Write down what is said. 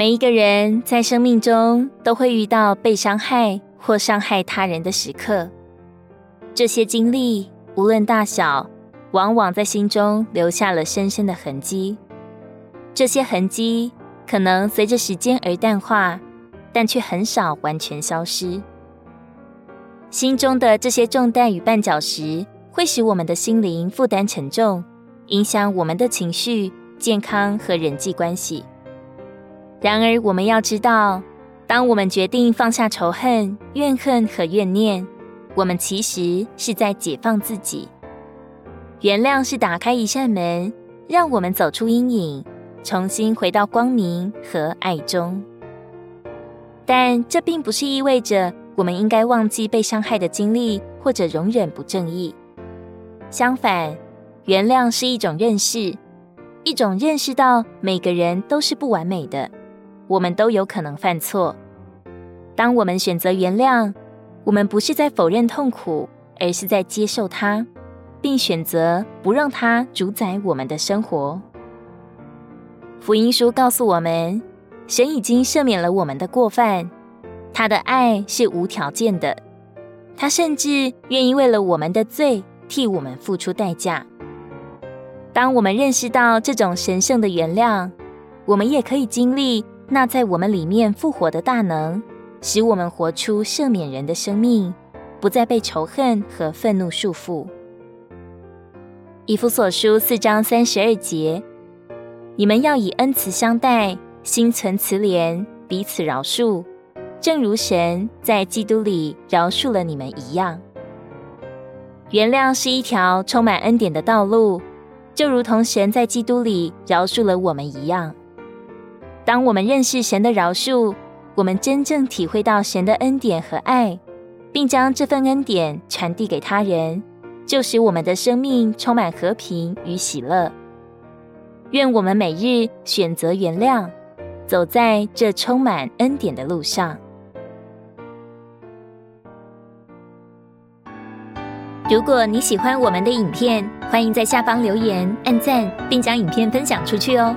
每一個人在生命中都會遇到被傷害或傷害他人的時刻，這些經歷無論大小，往往在心中留下了深深的痕跡。這些痕跡可能隨着時間而淡化，但卻很少完全消失。心中的這些重擔與絆腳石，會使我們的心靈負擔沉重，影響我們的情緒、健康和人際關係。然而，我們要知道，當我們決定放下仇恨、怨恨和怨念，我們其實是在解放自己。原諒是打開一扇門，讓我們走出陰影，重新回到光明和愛中。但這並不是意味着我們應該忘記被傷害的經歷，或者容忍不正義。相反，原諒是一種認識，一種認識到每個人都是不完美的。我們都有可能犯錯。當我們選擇原諒，我們不是在否認痛苦，而是在接受它，並選擇不讓它主宰我們的生活。福音書告訴我們，神已經赦免了我們的過犯，他的愛是無條件的，他甚至願意為了我們的罪替我們付出代價。當我們認識到這種神聖的原諒，我們也可以經歷。那在我們裡面復活的大能，使我們活出赦免人的生命，不再被仇恨和憤怒束縛。以弗所書四章三十二節，你們要以恩慈相待，心存慈憐，彼此饒恕，正如神在基督裏饒恕了你們一樣。原諒是一條充滿恩典的道路，就如同神在基督裏饒恕了我們一樣。當我們認識神的饒恕，我們真正體會到神的恩典和愛，並將這份恩典傳遞給他人，就使我們的生命充滿和平與喜樂。願我們每日選擇原諒，走在這充滿恩典的路上。如果你喜歡我們的影片，歡迎在下方留言、按讚，並將影片分享出去哦。